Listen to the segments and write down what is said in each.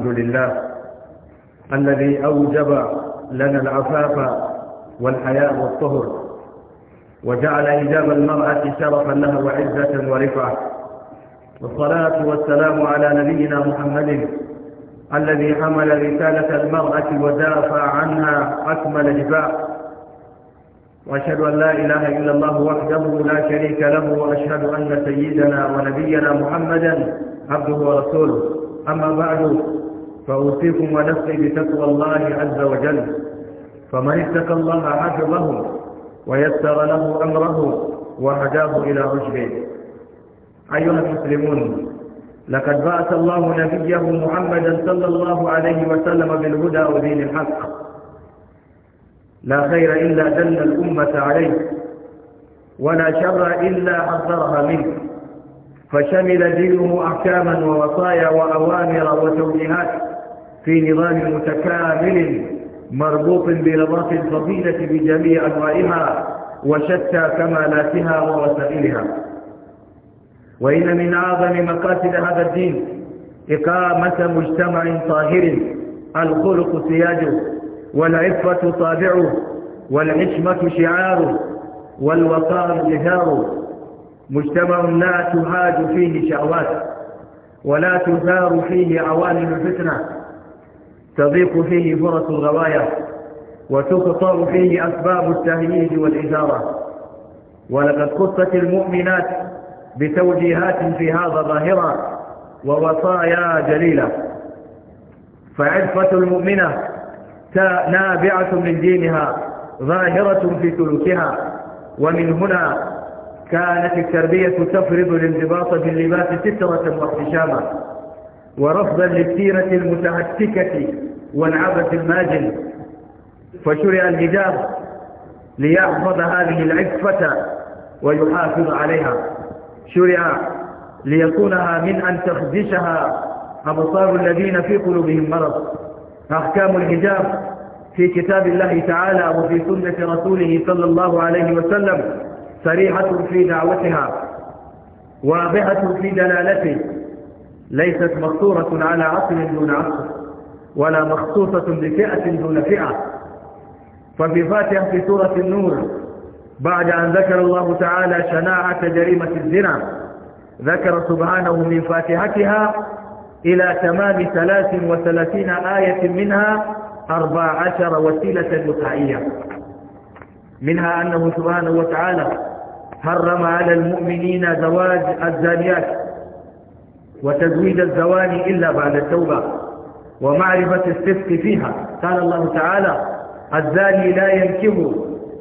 الحمد لله الذي أوجب لنا العفاف والحياء والطهر وجعل إجاب المرأة شرفا لها وعزة ورفعة والصلاة والسلام على نبينا محمد الذي حمل رسالة المرأة ودافع عنها أكمل دفاع وأشهد أن لا إله إلا الله وحده لا شريك له وأشهد أن سيدنا ونبينا محمدا عبده ورسوله أما بعد فأوصيكم ونفسي بتقوى الله عز وجل فمن اتقى الله حفظه ويسر له أمره وهداه إلى رشده أيها المسلمون لقد بعث الله نبيه محمدا صلى الله عليه وسلم بالهدى ودين الحق لا خير إلا دل الأمة عليه ولا شر إلا حذرها منه فشمل دينه أحكاما ووصايا وأوامر وتوجيهات في نظام متكامل مربوط بنظافة الفضيلة بجميع أنواعها وشتى كمالاتها ووسائلها وإن من أعظم مقاصد هذا الدين إقامة مجتمع طاهر الخلق سياجه والعفة طابعه والعشمة شعاره والوقار جهاره مجتمع لا تهاج فيه شهوات ولا تثار فيه عوالم الفتنه تضيق فيه فرص الغواية وتخطر فيه أسباب التهييد والإثارة ولقد قصت المؤمنات بتوجيهات في هذا ظاهرة ووصايا جليلة فعفة المؤمنة نابعة من دينها ظاهرة في سلوكها ومن هنا كانت التربية تفرض الانضباط باللباس سترة واحتشاما ورفضا للسيرة المتعتكة والعبث الماجن فشرع الحجاب ليحفظ هذه العفة ويحافظ عليها شرع ليكونها من أن تخدشها أبصار الذين في قلوبهم مرض أحكام الحجاب في كتاب الله تعالى وفي سنة رسوله صلى الله عليه وسلم صريحة في دعوتها واضحة في دلالته ليست مقصورة على عقل دون عقل ولا مخصوصة بفئة دون فئة ففي فاتحة سورة النور بعد أن ذكر الله تعالى شناعة جريمة الزنا ذكر سبحانه من فاتحتها إلى تمام 33 آية منها 14 وسيلة متعية منها أنه سبحانه وتعالى حرم على المؤمنين زواج الزانيات وتزويد الزواني إلا بعد التوبة ومعرفة الصدق فيها قال الله تعالى الزاني لا ينكب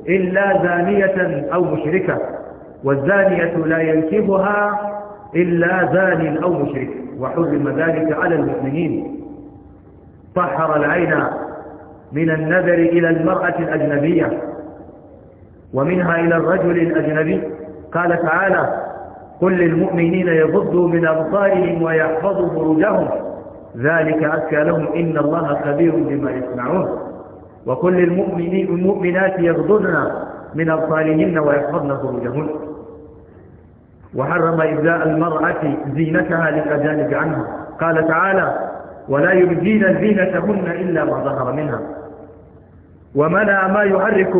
إلا زانية أو مشركة والزانية لا ينكبها إلا زاني أو مشرك وحرم ذلك على المؤمنين طهر العين من النذر إلى المرأة الأجنبية ومنها إلى الرجل الأجنبي قال تعالى قل للمؤمنين يغضوا من أبصارهم ويحفظوا فروجهم ذلك أزكى لهم إن الله خبير بما يصنعون وكل المؤمنين المؤمنات يغضن من أبصارهن ويحفظن فروجهن وحرم إبداء المرأة زينتها للأجانب عنها قال تعالى ولا يبدين زينتهن إلا ما ظهر منها ومنع ما يحرك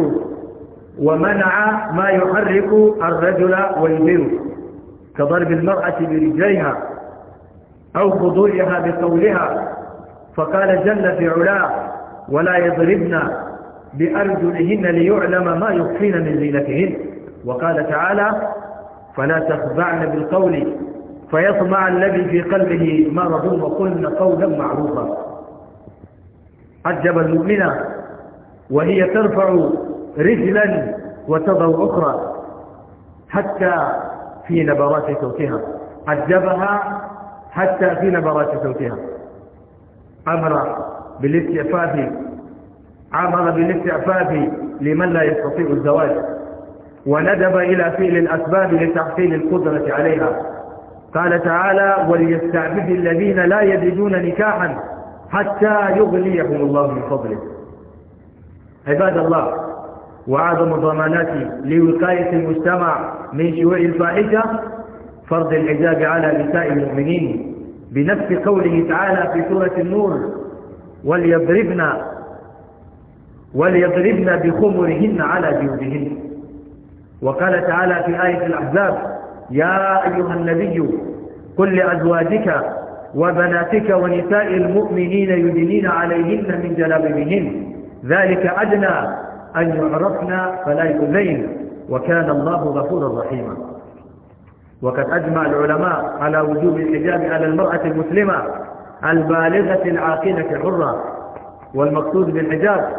ومنع ما يحرك الرجل والبيوت كضرب المرأة برجليها أو خضوعها بقولها فقال جل في علاه ولا يضربن بأرجلهن ليعلم ما يخفين من زينتهن وقال تعالى فلا تخضعن بالقول فيطمع الذي في قلبه مرض وقلن قولا معروفا عجب المؤمنة وهي ترفع رجلا وتضع أخرى حتى في نبرات صوتها عذبها حتى في نبرات صوتها أمر بالاستعفاف أمر بالاستعفاف لمن لا يستطيع الزواج وندب إلى فعل الأسباب لتحصيل القدرة عليها قال تعالى وليستعبد الذين لا يجدون نكاحا حتى يغنيهم الله من فضله عباد الله وأعظم الضمانات لوقاية المجتمع من شيوع الفاحشة فرض الحجاب على نساء المؤمنين بنفس قوله تعالى في سورة النور وليضربن وليضربن بخمرهن على جيوبهن وقال تعالى في آية الأحزاب يا أيها النبي قل لأزواجك وبناتك ونساء المؤمنين يدنين عليهن من جلابيبهن ذلك أدنى أن يعرفن فلا يؤذين وكان الله غفورا رحيما وقد أجمع العلماء على وجوب الحجاب على المرأة المسلمة البالغة العاقلة الحرة والمقصود بالحجاب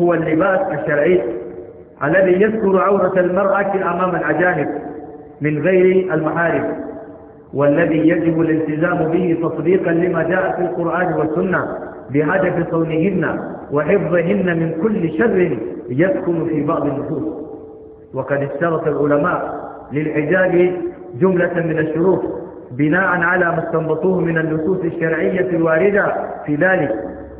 هو اللباس الشرعي الذي يذكر عورة المرأة أمام الأجانب من غير المحارم والذي يجب الالتزام به تصديقا لما جاء في القرآن والسنة بهدف صونهن وحفظهن من كل شر يسكن في بعض النفوس وقد اشترط العلماء للحجاب جملة من الشروط بناء على ما استنبطوه من النصوص الشرعية الواردة في ذلك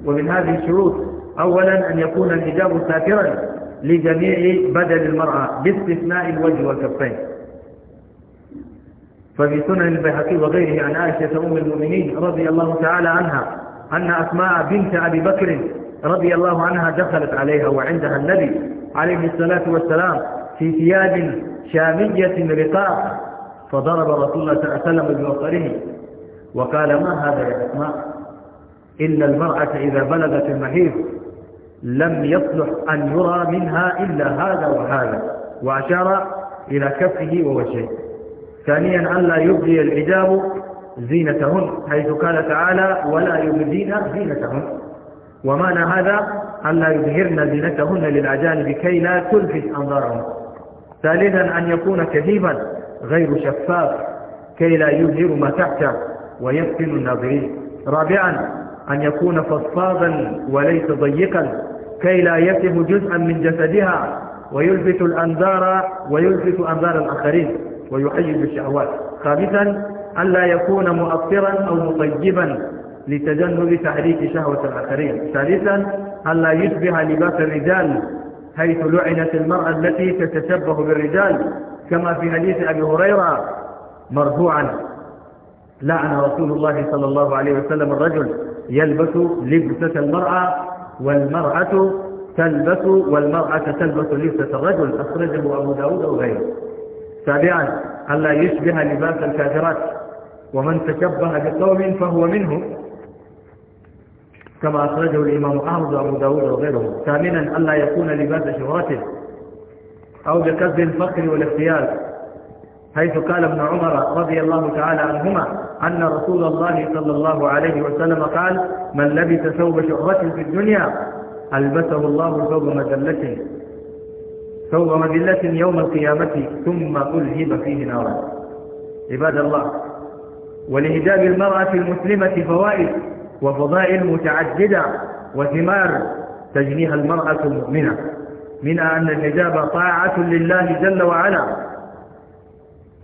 ومن هذه الشروط أولا أن يكون الحجاب ساترا لجميع بدن المرأة باستثناء الوجه والكفين ففي سنن البيهقي وغيره عن عائشة أم المؤمنين رضي الله تعالى عنها أن أسماء بنت أبي بكر رضي الله عنها دخلت عليها وعندها النبي عليه الصلاة والسلام في ثياب شامية رقاق فضرب رسول الله صلى الله عليه وسلم ببصره وقال ما هذا يا أسماء إن المرأة إذا بلغت المحيض لم يصلح أن يرى منها إلا هذا وهذا وأشار إلى كفه ووجهه ثانيا أن لا يبدي الحجاب زينتهن حيث قال تعالى ولا يبدين زينتهن ومعنى هذا أن لا يظهرن زينتهن للأجانب كي لا تلفت أنظارهم ثالثا أن يكون كذبا غير شفاف كي لا يظهر ما تحته ويفتن الناظرين رابعا أن يكون فصفاضا وليس ضيقا كي لا يتم جزءا من جسدها ويلفت الأنظار ويلفت أنظار الآخرين ويحيد الشهوات خامسا لا يكون مؤثرا أو مطيبا لتجنب تحريك شهوة الآخرين ثالثا أن لا يشبه لباس الرجال حيث لعنت المرأة التي تتشبه بالرجال كما في حديث أبي هريرة مرفوعا لعن رسول الله صلى الله عليه وسلم الرجل يلبس لبسة المرأة والمرأة تلبس والمرأة تلبس لبسة الرجل أخرجه أبو داود وغيره سابعا ألا يشبه لباس الكافرات ومن تشبه بقوم فهو منهم كما أخرجه الإمام أحمد وأبو داود وغيره ثامنا ألا يكون لباس شهرته أو بكذب الفقر والاغتيال حيث قال ابن عمر رضي الله تعالى عنهما أن رسول الله صلى الله عليه وسلم قال من لبس ثوب شهرة في الدنيا ألبسه الله ثوب مذلة ثوب مذلة يوم القيامة ثم ألهب فيه نارا عباد الله ولهجاب المرأة المسلمة فوائد وفضائل متعددة وثمار تجنيها المرأة المؤمنة منها أن الحجاب طاعة لله جل وعلا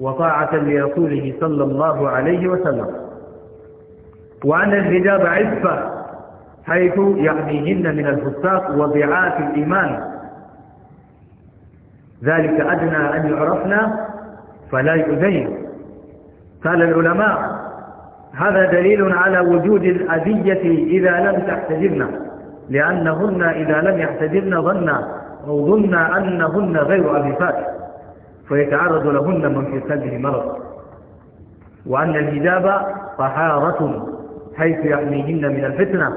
وطاعة لرسوله صلى الله عليه وسلم وأن الحجاب عفة حيث يحميهن من الفساق وضعاف الإيمان ذلك أدنى أن يعرفنا فلا يؤذين قال العلماء هذا دليل على وجود الأذية إذا لم تحتجبن لأنهن إذا لم يحتجبن ظن أو ظن أنهن غير أبيفات فيتعرض لهن من في قلبه مرض وأن الحجاب طهارة حيث يحميهن من الفتنة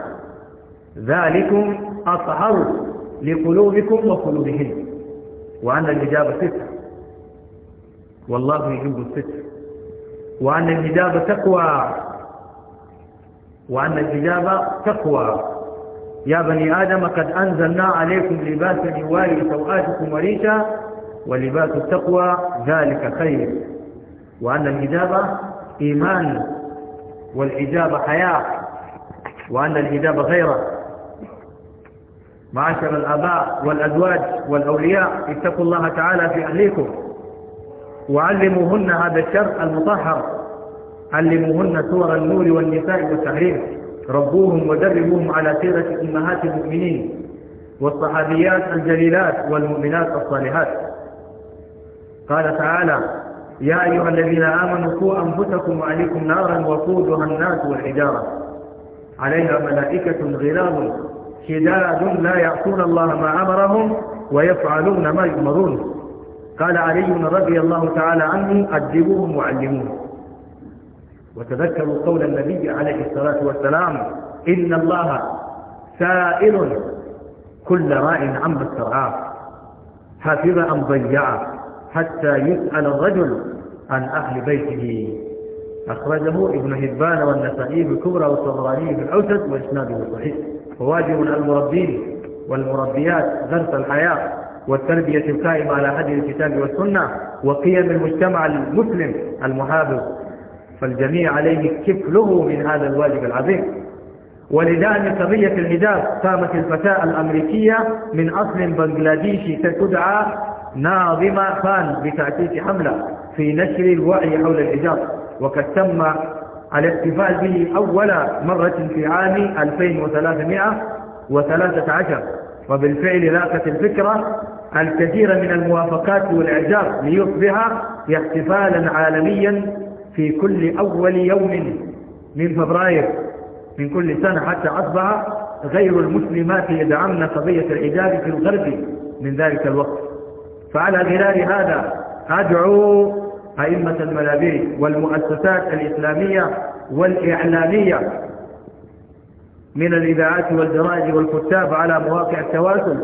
ذلكم أطهر لقلوبكم وقلوبهن وأن الحجاب ستر والله يجب الستر وأن الإجابة تقوى وأن الإجابة تقوى يا بني آدم قد أنزلنا عليكم لباسا يواري سوآتكم وريشا ولباس التقوى ذلك خير وأن الإجابة إيمان والإجابة حياة وأن الإجابة غيره معاشر الآباء والأزواج والأولياء اتقوا الله تعالى في أهليكم وعلموهن هذا الشر المطهر علموهن سور النور والنساء والتحرير ربوهم ودربوهم على سيرة أمهات المؤمنين والصحابيات الجليلات والمؤمنات الصالحات قال تعالى يا أيها الذين آمنوا قوا أنفسكم وعليكم نارا وقودها الناس والحجارة عليها ملائكة غلاظ شداد لا يعصون الله ما أمرهم ويفعلون ما يؤمرون قال علي رضي الله تعالى عنه أدبوهم وعلموهم وتذكروا قول النبي عليه الصلاة والسلام إن الله سائل كل راء عما استرعاه حافظ أم ضيع حتى يسأل الرجل عن أهل بيته أخرجه ابن هبان والنسائي بالكبرى والصبراني بالأوسط وإسناده صحيح وواجب المربين والمربيات درس الحياة والتربية القائمة على هدي الكتاب والسنة وقيم المجتمع المسلم المحافظ فالجميع عليه كفله من هذا الواجب العظيم ولدعم قضية الحجاب قامت الفتاة الأمريكية من أصل بنغلاديشي تدعى ناظمة خان بتأسيس حملة في نشر الوعي حول الحجاب وقد تم الاحتفال به أول مرة في عام 2313 وبالفعل لاقت الفكرة الكثير من الموافقات والإعجاب ليصبح احتفالا عالميا في كل أول يوم من فبراير من كل سنة حتى أصبح غير المسلمات يدعمن قضية الحجاب في الغرب من ذلك الوقت فعلى غرار هذا أدعو أئمة الملابيع والمؤسسات الإسلامية والإعلامية من الإذاعات والجرائد والكتاب على مواقع التواصل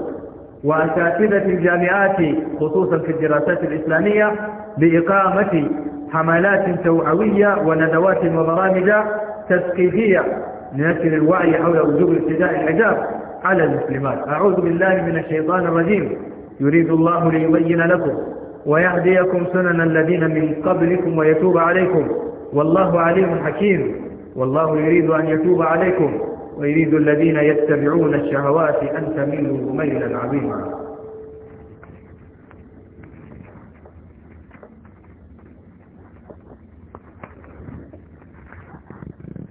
وأساتذة الجامعات خصوصا في الدراسات الإسلامية بإقامة حملات توعوية وندوات وبرامج تثقيفية لنشر الوعي حول وجوب ارتداء الحجاب على المسلمات أعوذ بالله من الشيطان الرجيم يريد الله ليبين لكم ويهديكم سنن الذين من قبلكم ويتوب عليكم والله عليم حكيم والله يريد أن يتوب عليكم ويريد الذين يتبعون الشهوات أن تميلوا ميلا عظيما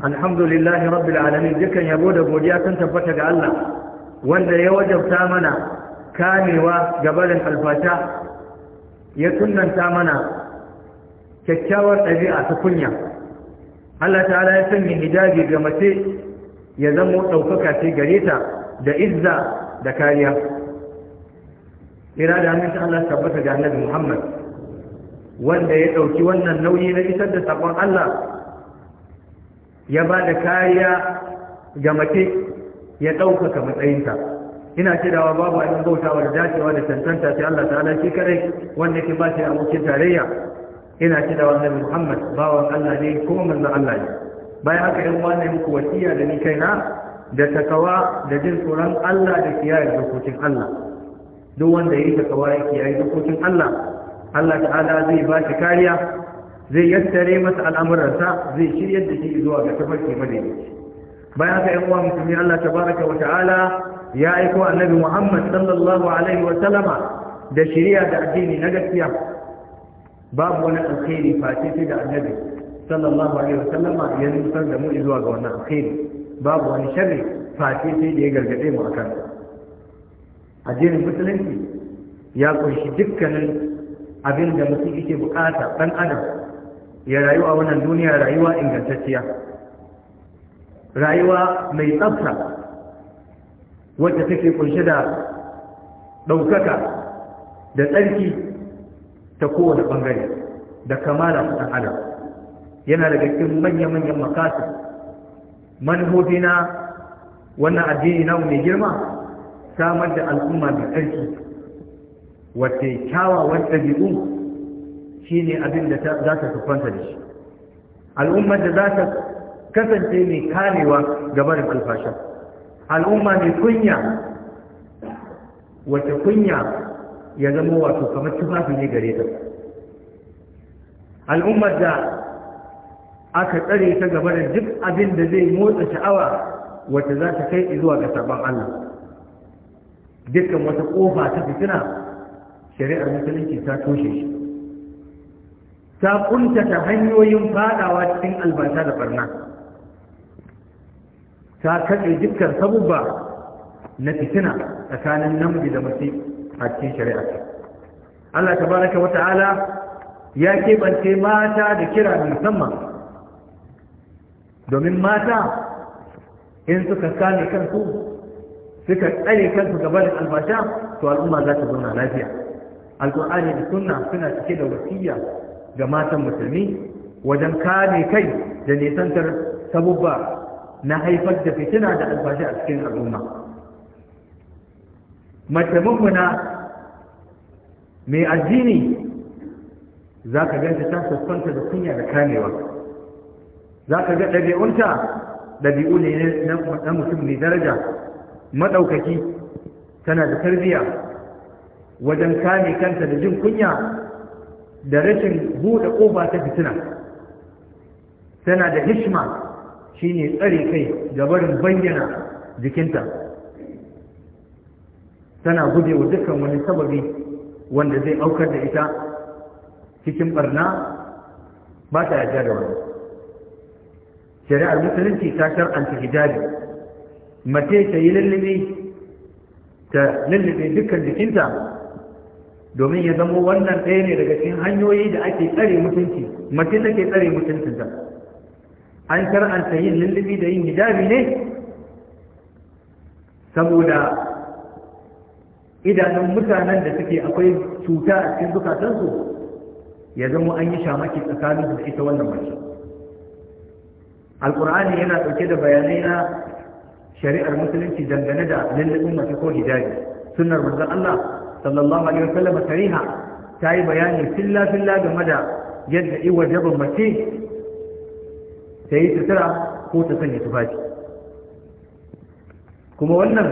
الحمد لله رب العالمين جكا يقول أبو جاء تنتبت قال وانا يوجب تامنا كاني وقبل الفتاة يكون من تامنا كتشاور أبيعة كل يوم الله تعالى يسمي هداجي بمسيح ya zama ɗaukaka ce gare ta da izza da kariya ira da hannun Allah tabbata ga annabi Muhammad wanda ya ɗauki wannan nauyi na isar da sakon Allah ya ba da kariya ga mace ya ɗaukaka matsayinta ina kirawa babu abin bautawa da dacewa da tantanta ta Allah ta'ala shi kare wanda ke ba shi amokin tarayya ina cewa annabi Muhammad bawan Allah ne kuma manzon Allah ne bayan haka yan wani muku wasiya da ni kaina da takawa da jin tsoron Allah da kiyaye dokokin Allah duk wanda ya yi takawa ya kiyaye dokokin Allah Allah ta'ala zai ba shi kariya zai yattare masa al'amuransa zai shiryar da shi zuwa ga tafarki madaidaici bayan haka yan uwa musulmi Allah tabaraka wa ta'ala ya aiko annabi Muhammad sallallahu alaihi wa sallama da shiriya da addini na gaskiya babu wani alkhairi face sai da annabi sallallahu alaihi sallama ya nufar da mu zuwa ga wannan alkhairi babu wani sharri face sai da ya gargade mu akan addinin musulunci ya kunshi dukkanin abin da mutum yake bukata dan adam ya rayu a wannan duniya rayuwa ingantacciya rayuwa mai tsafta wadda take kunshe da ɗaukaka da tsarki ta kowane ɓangare da kamala ɗan adam yana daga cikin manya-manyan makasir manufofi na wannan addini namu mai girma samar da al'umma mai tsarki wata kyawawan ɗabi'u shi ne abin da za ta siffanta da shi al'ummar da za ta kasance mai karewa gaba da alfasha al'umma mai kunya wacce kunya ya zama wato kamar tufafi ne gare ta al'ummar da aka tsare ta gaba da duk abin da zai motsa sha'awa wata za ta kai zuwa ga sabon Allah dukkan wata kofa ta fitina shari'ar musulunci ta toshe shi ta ƙuntata hanyoyin fadawa cikin albarka da barna ta kaɗe dukkan sabubba na fitina tsakanin namiji da mace a cikin shari'a Allah baraka wata ala ya keɓance mata da kira musamman domin mata in suka kame kansu suka tsare kansu gabanin albasha to al'umma za ta zauna lafiya alkur'ani da sunna suna cike da wasiya ga matan musulmi wajen kame kai da nisantar sabubba na haifar da fitina da albashi a cikin al'umma mace mummuna mai addini za ka ganta ta sassanta da kunya da kamewa za ka ga ɗabi'unta ɗabi'u ne na mutum mai daraja maɗaukaki tana da tarbiyya wajen kame kanta da jin kunya da rashin buɗe ƙofa ta fitina tana da hishma ne tsare kai da barin bayyana jikinta tana guje wa dukkan wani sababi wanda zai aukar da ita cikin ɓarna, ba ta yarda da wani shari'ar musulunci ta shar'anta hijabi mace ta yi lullube ta lullube dukkan jikinta domin ya zama wannan ɗaya ne daga cikin hanyoyi da ake tsare mutunci mace take tsare mutuncinta an shar'anta yin lullube da yin hijabi ne saboda idanun mutanen da suke akwai cuta a cikin zukatansu ya zama an yi shamaki tsakanin da ita wannan mace alkur'ani yana ɗauke da bayanai na shari'ar musulunci dangane da lallabin mace ko hijabi sunnar manzon Allah sallallahu alaihi wasallam sariha ta yi bayani filla filla game da yadda iwajabin mace ta yi sutura ko ta sanya tufafi kuma wannan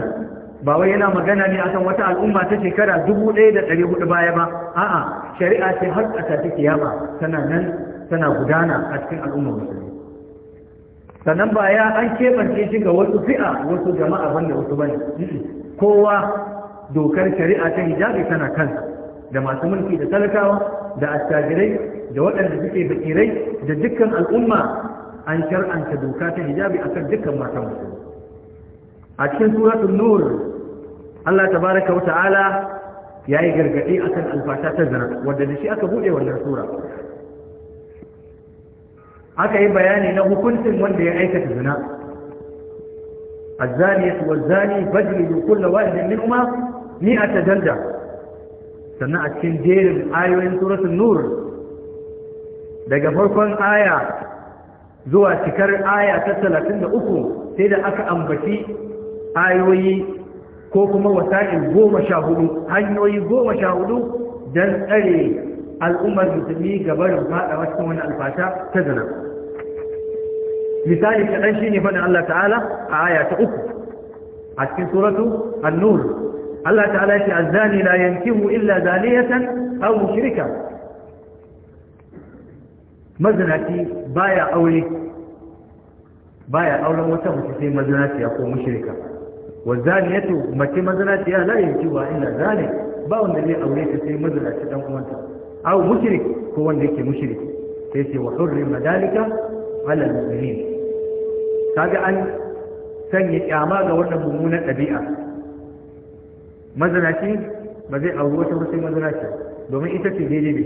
ba wai yana magana ne akan wata al'umma ta shekara dubu ɗaya da ɗari hudu baya ba a'a shari'a ce har ƙasa ta kiyama tana nan tana gudana a cikin al'ummar musulmi sannan ba ya an keɓance shi ga wasu fi'a wasu jama'a banda wasu bane kowa dokar shari'a ta hijabi tana kansa da masu mulki da talakawa da attajirai da waɗanda suke bakirai da dukkan al'umma an shar'anta doka ta hijabi akan dukkan matan a cikin suratul nur Allah tabaraka wa ta'ala yayi gargadi akan alfasha ta zina wanda shi aka bude wannan sura aka yi bayani na hukuncin wanda ya aikata zina الزانية والزاني فاجلدوا كل واحد منهما مئة sannan a cikin jerin ayoyin سورة nur. daga farkon aya zuwa cikar aya ta talatin da uku sai da aka ambaci ayoyi ko kuma wasa'in goma sha hudu hanyoyi goma sha hudu don tsare al'ummar musulmi da faɗa wasu wani alfata ta zana misali kaɗan shi ne faɗin Allah ta'ala a aya ta uku a cikin suratu annur Allah ta'ala ya ce azzani la yankihu illa zaniyatan aw mushrika mazinaci baya aure baya auren wata mace sai mazinaciya ko mushrika wa zaniyatu mace mazinaciya la yankihu illa zani ba wanda zai aure ta sai mazinaci dan uwanta aw mushrik ko wanda yake mushrik sai ce wa hurri madalika ala al-mu'minin kaga an sanya kyama ga wannan mummunan ɗabi'a mazanaci ba zai auri wata wasu mazanaci domin ita ce daidai ne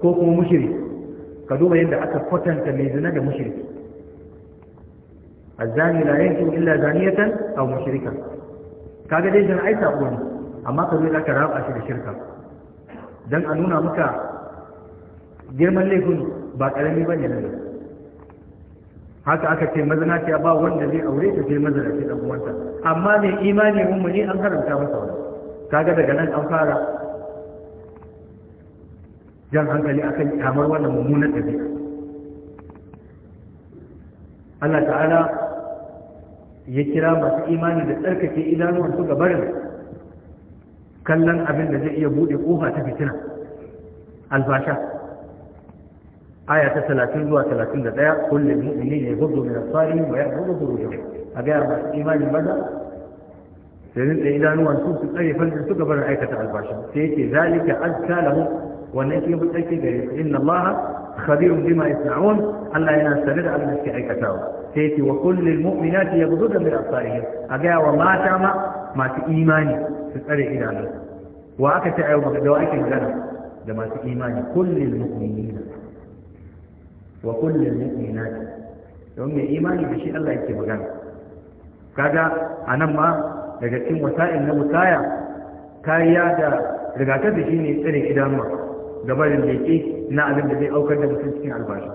ko kuma mushiri ka duba yadda aka kwatanta mai zina da mushiri azani la yanki illa zaniyatan aw mushrika kaga dai zan aita ko ne amma ka zo ka raba shi da shirka dan a nuna maka girman laifin ba karami bane ne haka aka ce mazinaciya ba wanda zai aure ta sai mazinaci dan uwanta amma mai imani ne an haramta masa wani kaga daga nan an fara jan hankali akan kamar wannan mummunan ɗabi'a Allah ta'ala ya kira masu imani da tsarkake idanuwan su gabarin kallon abin da zai iya buɗe ƙofa ta fitina albasha ايه 30 30 دقيقة كل المؤمنين يغضوا من الصالحين ويغضوا ضروجهم أجاب إيمان المدى إذا نوى نصوص أي فلسل تقبل آية الباشا سيأتي ذلك أزكى لهم والنسي يقول أي كيف إن الله خبير بما يصنعون ألا ينسى ندع من نسك أي كتاب سيأتي وكل المؤمنات يغضوا من أبصارهم أجاب وما تعمى ما في إيماني تسأل إذا نوى وأكتعي ومغدوائك إذا نوى لما في إيماني كل المؤمنين wa kullum mu'minati don mai imani da shi Allah yake magana kaga nan ma daga cikin wasa'in na musaya kariya da rigakafi shine tsare idanuwa gabarin leke na abin da zai aukar da mutum cikin albashi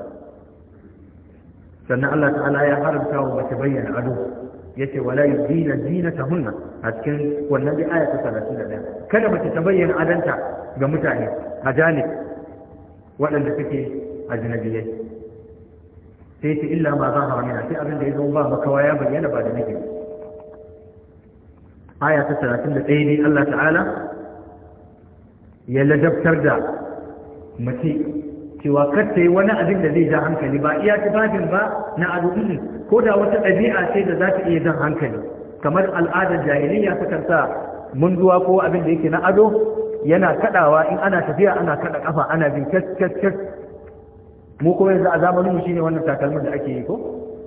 sannan Allah ta'ala ya haramta wa mace bayyana ado yace wala yudina zinatahunna a cikin wannan bi aya ta 31 kada mace ta bayyana adanta ga mutane a janib waɗanda suke ajnabiyai sai ta illa ma za a mina sai abin da ya zo ba makawa ya bayyana ba da nake aya ta da 31 ne Allah ta'ala ya ladabtar da mace cewa kar ta yi wani abin da zai ja hankali ba iya tufafin ba na ado ko da wata ɗabi'a ce da za ta iya jan hankali kamar al'adar jahiliya ta kanta munduwa ko abin da yake na ado yana kadawa in ana tafiya ana kada kafa ana bin kes mu kuma yanzu a zamanin mu shine wannan takalmin da ake yi ko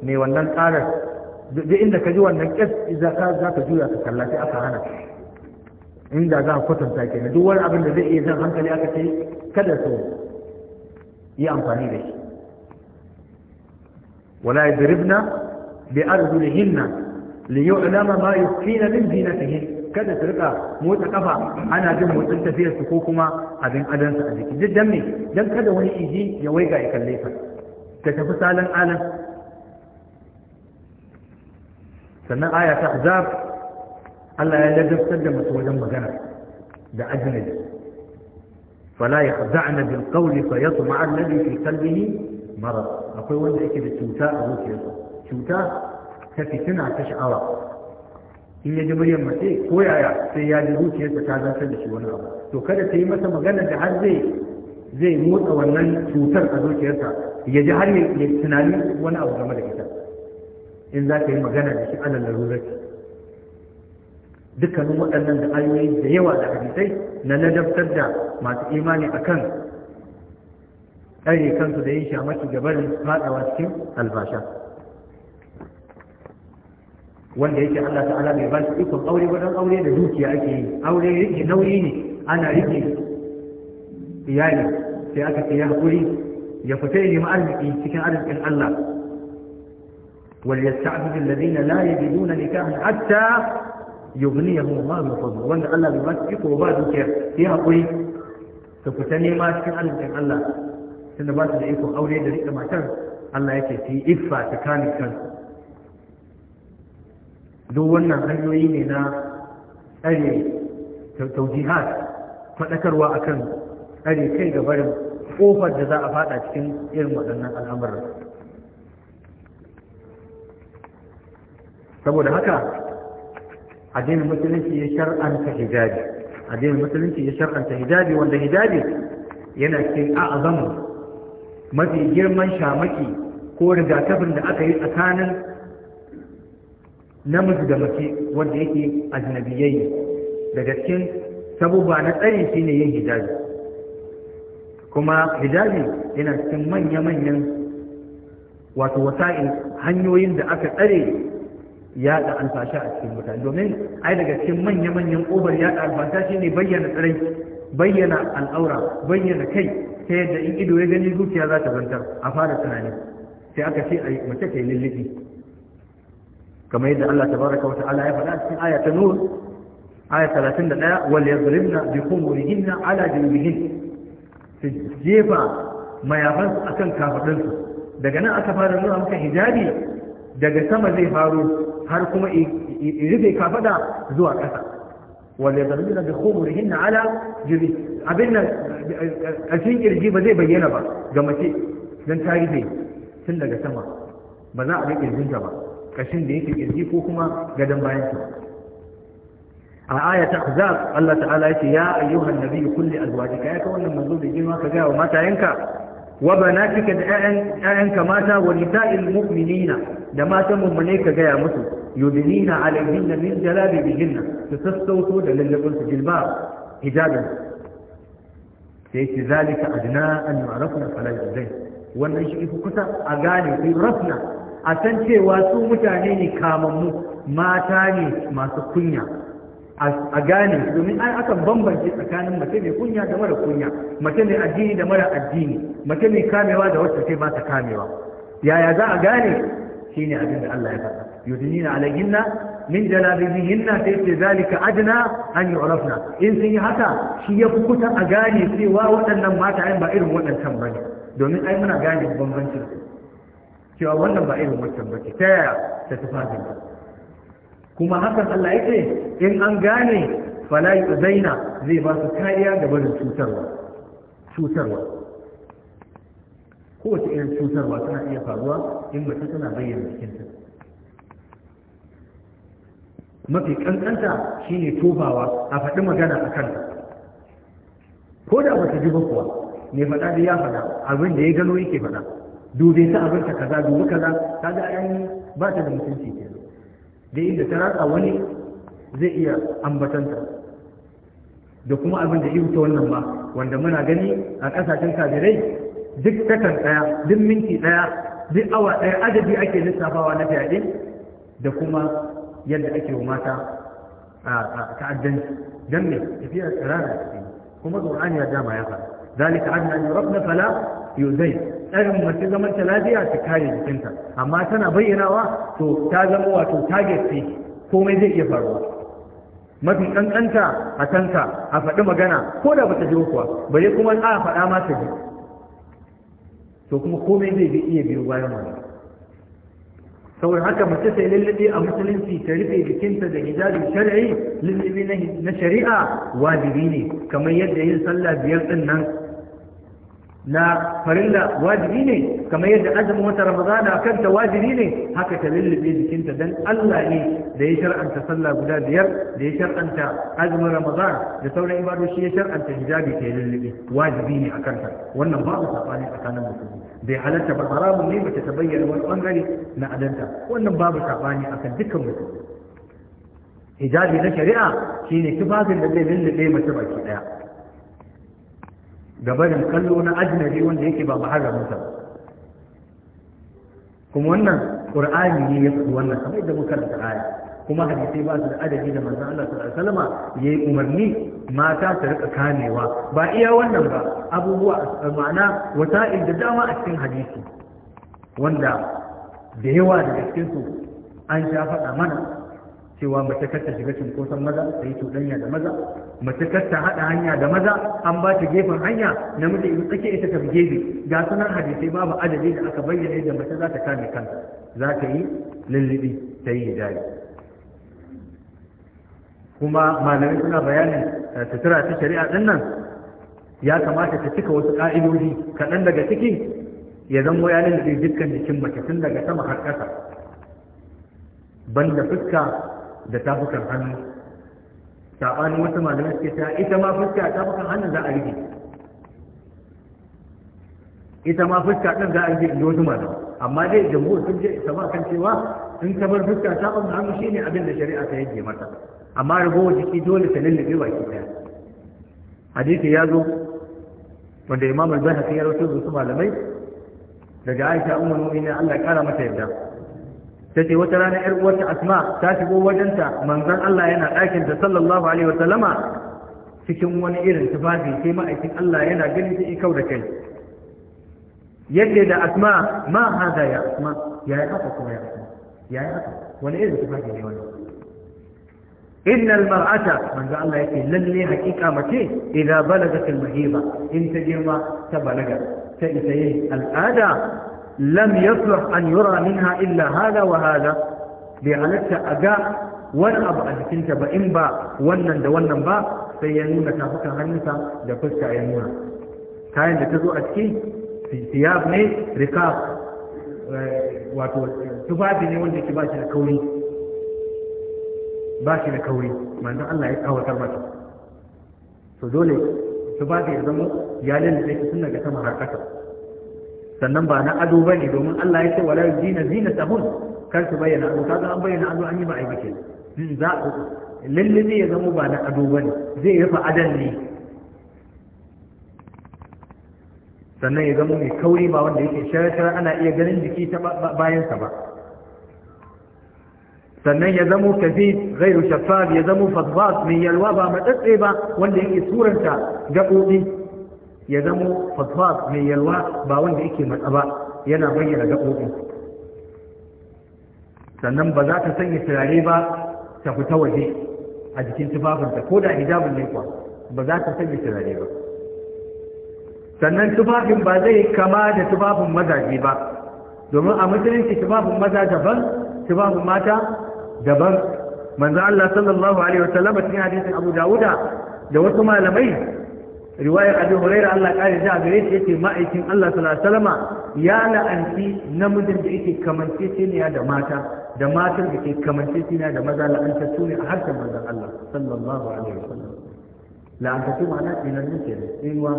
mai wannan tsarar duk inda ka ji wannan kes za ka za ka juya ka kalla sai aka hana inda za ka kwatanta kenan duk wani abin da zai iya zan hankali aka ce kada su yi amfani da shi ولا يضربن بأرجلهن ليعلم ما يخفين من زينتهن kada su rika motsa kafa ana jin motsin tafiyar ko kuma abin adansu a jiki duk dan me dan kada wani iji ya waiga ya kalle ka ta tafi salon alan sannan aya ta azab Allah ya ladabtar da masu wajen magana da ajnabi fala yakhda'na bil qawli fayatma'a alladhi fi qalbihi marad akwai wanda yake da cuta a zuciyarsa cuta ta fitina ta sha'awa in ya ji muryar mace ko yaya sai ya ji zuciyarsa ta zartar da shi wani abu to kada ta yi masa magana da har zai zai motsa wannan cutar a zuciyarsa ya ji har ya tunani wani abu game da ita in za ka yi magana da shi ana larurati dukkanin waɗannan da ayoyi da yawa da hadisai na ladabtar da masu imani akan tsare kansu da yin shamaki gabarin fadawa cikin albasha wanda yake Allah ta'ala bai ba shi ikon aure ba aure da dukiya ake yi aure yake nauyi ne ana rike iyali sai aka ce ya hakuri ya fita ya nemi arziki cikin arzikin Allah وليستعبد الذين لا يجدون نكاحا حتى يغنيهم الله من فضله وان الله بمسكك وبادك في حقوي تفتني ما cikin arzikin Allah tunda ba su da iko aure da rika matar Allah yake fi iffa tsakanin kansu duk wannan hanyoyi ne na tsare taujihar faɗakarwa akan tsare kai ga barin ƙofar da za a faɗa cikin irin waɗannan al'amuran saboda haka addinin musulunci ya shar'anta hijabi addinin musulunci ya shar'anta hijabi wanda hijabi yana cikin a'azamu mafi girman shamaki ko rigakafin da aka yi tsakanin namiji da mace wanda yake ajnabiyai daga cikin sabuba na tsari shine yin hijabi kuma hijabi yana cikin manya-manyan wato wasa'in hanyoyin da aka tsare yaɗa alfasha a cikin mutane domin ai daga cikin manya-manyan ƙofar yaɗa alfasha ne bayyana tsarai bayyana al'aura bayyana kai ta yadda in ido ya gani zuciya za ta zantar a fara tunani sai aka ce a mace ta yi lullubi kamar yadda Allah tabaraka wa ta'ala ya faɗa cikin aya ta nur aya 31 wal yadribna bi khumurihinna ala jubihin su jefa mayafansu akan kafadinsu daga nan aka fara nuna maka hijabi daga sama zai faru har kuma rufe kafada zuwa bi a cikin kirji ba zai bayyana ba ga mace dan tarihi tun daga sama ba za a ga kirjinta ba kashin da yake kirji ko kuma gadon bayan su a aya ta azab Allah ta'ala yake ya ayyuhan nabiyyu kulli azwajika ya ka wannan manzo da girma ka ga wa matayenka wa banatika da ƴaƴanka mata wa nisa'il mu'minina da matan mummune ka gaya musu yudinina alayhinna min jalabibihinna su sassauto da lallabin su jilba hijabin sai ce zalika adna an yu'rafna fala yuzain wannan shi ku kusa a gane ku rafna a san cewa su mutane ne kamammu mata ne masu kunya a gane domin an aka bambance tsakanin mace mai kunya da mara kunya mace mai addini da mara addini mace mai kamewa da wacce sai ba ta kamewa yaya za a gane ne abin da Allah ya faɗa yudnina alayhinna min jalabibihinna sai ce zalika adna an yu'rafna in sun yi haka shi ya kuta a gane cewa waɗannan mata ba irin waɗancan ne domin ai muna gane bambancin su cewa wannan ba ilimin wancan ba ta yaya ta hajji ba kuma hakan Allah ya ce in an gane fala Zaina zai ba su kariya ga barin cutarwa cutarwa kowace irin cutarwa tana iya faruwa in mace tana bayyana jikinta. mafi kankanta shine tofawa a faɗi magana a kanta ko da bata ji ba kuwa mai faɗa da ya faɗa abin da ya gano yake faɗa dube ta abin ta kaza dubi kaza ta da ai ba ta da mutunci ke da inda ta ratsa wani zai iya ambatanta da kuma abin da irin ta wannan ba wanda muna gani a ƙasashen kabirai duk takan daya duk minti daya duk awa ɗaya, adadi ake lissafawa na fyaɗe da kuma yadda ake wa mata a ta'addanci don me tafiya tsirara kuma qur'ani ya dama ya fara ذلك عدنا أن يربنا فلا يؤذين tsarin mace zaman ta lafiya ta kare jikinta amma tana bayyanawa to ta zama wato target ce komai zai iya faruwa mafi ƙanƙanta a kanka a faɗi magana ko da bata ji kuwa yi kuma a faɗa ma ta ji to kuma komai zai iya biyo bayan wani saboda haka mace sai lullube a musulunci ta rufe jikinta da hijabi shar'i lullube na shari'a wajibi ne kamar yadda yin sallah biyar din nan na farilla wajibi ne kamar yadda azumin wata ramadana kanta wajibi ne haka ta lullube jikinta dan Allah ne da ya shar'anta sallah guda biyar da ya shar'anta azumin ramadan da sauran shi ya shar'anta hijabi ta lullube wajibi ne a kanta wannan babu sabani tsakanin musulmi bai halatta ba haramun ne mace ta bayyana wani bangare na adanta wannan babu sabani akan dukkan mutum. hijabi na shari'a shine kifafin da zai lullube mace baki daya da barin kallo na ajnabi wanda yake ba muharraminsa ba kuma wannan qur'ani ne ya fi wannan kamar yadda muka da aya kuma hadisai ba su da adadi da manzon Allah sallallahu alaihi wasallam yayi umarni mata ta rika kamewa ba iya wannan ba abubuwa a ma'ana wata'il da dama a cikin hadisi wanda da yawa daga cikin su an sha faɗa mana cewa mace kar shiga cunkoson maza ta yi cuɗanya da maza mace kar haɗa hanya da maza an ba ta gefen hanya na namiji in tsake ita ta gefe ga sunan hadisai babu adadi da aka bayyana yadda mace za ta kame kanta za ta yi lullubi ta yi jari kuma malamai suna bayanin eh, sutura ta shari'a ɗin nan ya kamata ta cika wasu ƙa'idodi kaɗan daga ciki ya zama ya lullubi dukkan jikin mace tun daga sama har ƙasa banda fuska da tafukan hannu saɓanin wasu malamai suke ta ita ma fuska tafukan hannun za a rufe ita ma fuska ɗin za a rufe inda wasu malamai amma dai jama'u sun je sama kan cewa in ka bar fuska mu hannu shine abin da shari'a ta yanke mata amma ragowar jiki dole ta lullube baki ɗaya hadisi ya zo wanda imam al-bahaqi ya rawaito da su malamai daga aisha ummu mu'minin Allah ya kara mata yarda ta ce wata rana yar uwarta asma ta shigo wajenta manzon Allah yana ɗakin ta sallallahu alaihi wasallama cikin wani irin tufafi sai ma'aikin Allah yana gani ta ikau da kai yadda da asma ma hada ya asma ya yi haka kuma ya asma ya yi haka wani irin tufafi ne wannan innal mar'ata manzo Allah yake lalle haƙiƙa mace idan balagat al-mahiba in ta girma ta balaga ta isa yin al'ada lam yaslah an yura minha illa hada wa hada bai halatta a ga wani abu a jikinta ba in ba wannan da wannan ba sai ya nuna tafukan hannunsa da fuska ya nuna kayan da ta zo a ciki siyab ne rikaf wato tufafi ne wanda ke ba shi da kauri ba shi da Allah ya to dole zama ya lalle ta sannan ba na ado ba ne domin Allah ya ce layu zina zina tahun kar su bayyana ado kaga an bayyana ado an yi ba a yi ba kenan hmm, lalle zai ya zama ba na ado ba ne zai rufe adan ne sannan ya zama mai kauri ba wanda yake sharar ana iya ganin jiki ta bayansa ba sannan ya zamo kafi gairu shafaf ya zamo fasfas mai yalwa ba matsatse ba wanda yake suranta gaɓoɓi ya zamo fatwa mai yalwa ba wanda yake matsa ba yana bayyana gaɓoɓin sannan ba za ta sanya turare ba ta fita waje a jikin tufafinta ko da hijabin ne kuwa ba za ta sanya turare ba sannan tufafin ba zai kama da tufafin mazaje ba domin a musulunci tufafin maza daban tufafin mata daban manzo Allah sallallahu alaihi wasallam cikin hadisin Abu Dawuda da wasu malamai riwayar abin huraira Allah kare da gare shi yace ma'aikin Allah sallallahu alaihi wasallama ya la'anci namijin da yake kamanceceniya da mata da matan da ke kamance kamanceceniya da maza la'anta su ne a harshen manzon Allah sallallahu alaihi wasallam la'anta su ma'ana tsinan nuke da tsinuwa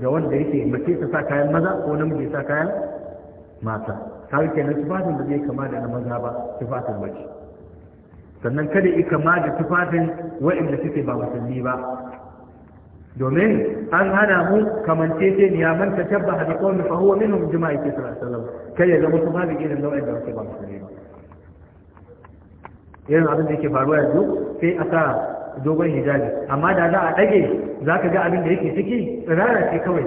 ga wanda yake mace ta sa kayan maza ko namiji sa kayan mata kawai kenan tufafin da zai kama da na maza ba tufafin mace sannan kada ya kama da tufafin waɗanda suke ba musulmi ba domin an hana mu tete ne ya manta tabba a dukkan fa huwa minhum jima'i ke sallallahu alaihi kai ya zama kuma da irin nau'in da wasu ba musulmi ba irin abin da yake faruwa yanzu sai a sa dogon hijabi amma da za a ɗage za ka ga abin da yake ciki tsirara ce kawai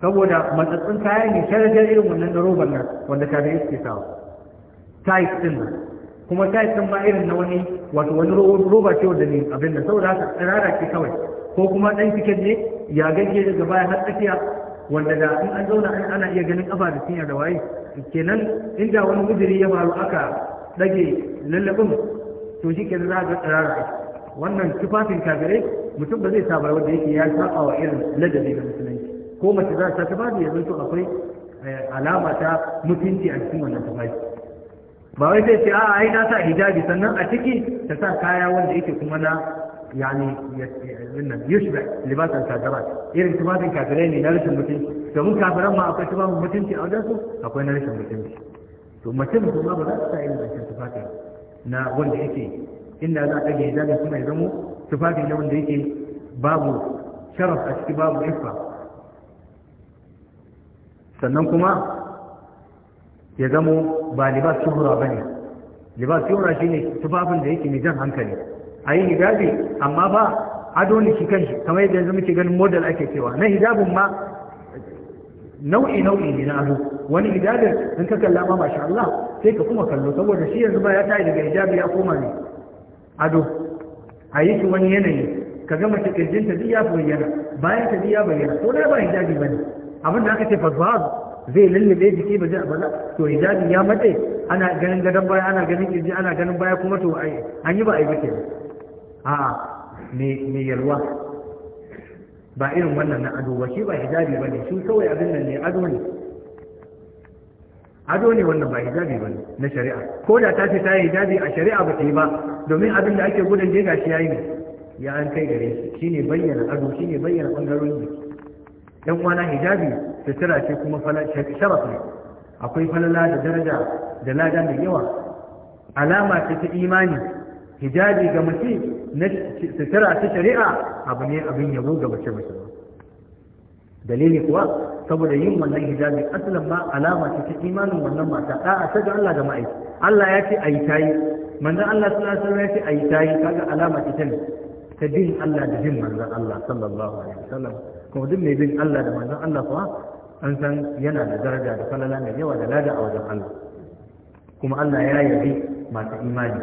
saboda matsatsun kayan ne sharajar irin wannan da roban nan wanda ka da yake sawa tight din nan kuma tayis din ma irin na wani wato wani roba ce wanda ne abin da saboda haka tsirara ce kawai ko kuma ɗan cikin ne ya gaje daga baya har tsakiya wanda da in an zauna ana iya ganin kafa da cinya da waye kenan inda wani guduri ya faru aka dage lallabin to shi kenan za ga tsirara wannan tufafin kafirai mutum ba zai saba bai wanda yake ya saba wa irin ladabi da musulunci ko mace za ta tufafi ya zanto akwai eh, alama ta mutunci a cikin wannan tufafi ba wai sai ce a ai ta sa hijabi sannan a ciki ta sa kaya wanda yake kuma na yani wannan yushba libasan kafirat irin tufafin kafirai ne na rashin mutunci domin kafiran ma akwai tufafin mutunci a wajen su akwai na rashin mutunci to mutum kuma ba za su sa irin rashin tufafin na wanda yake inda za a ga hijabi kuma ya zamo tufafin na wanda yake babu sharaf a ciki babu iffa sannan kuma ya zamo ba libas shuhura bane libas shuhura shine tufafin da yake mijan hankali a yi hijabi amma ba ado ne shi kanshi kamar yadda yanzu muke ganin model ake cewa na hijabin ma nau'i nau'i ne na ado wani hijabin in ka kalla ma masha Allah sai ka kuma kallo saboda shi yanzu ba ya tayi daga hijabi ya koma ne ado a yi shi wani yanayi ka gama mace kirjinta duk ya bayyana bayan ta duk ya bayyana to dai ba hijabi bane abin da aka ce fasfahar zai lullube jiki ba ba to hijabi ya mace ana ganin gadon baya ana ganin kirji ana ganin baya kuma to ai an yi ba ai bake a'a me me yalwa ba irin wannan na ado ba shi ba hijabi bane shi kawai abin nan ne ado ne ado ne wannan ba hijabi bane na shari'a ko da ta ce ta yi hijabi a shari'a ba ta yi ba domin abin da ake gudun je gashi yayi ne ya an kai gare shi shine bayyana ado shine bayyana bangarorin jiki dan uwana hijabi sutura ce kuma sharaf ne akwai falala da daraja da lada mai yawa alama ce ta imani hijabi ga mace na sutura ta shari'a abu ne abin yabo ga mace mace dalili kuwa saboda yin wannan hijabi asalin ba alama ce ta imanin wannan mata da'a ta ga Allah da ma'aiki Allah ya ce a ayi tayi manzon Allah sallallahu alaihi ya ce a ayi tayi kaga alama ce ta ne ta din Allah da din manzon Allah sallallahu alaihi wasallam kuma duk mai bin Allah da manzon Allah kuwa an san yana da daraja da falala mai yawa da lada a wajen Allah kuma Allah ya yabi masu imani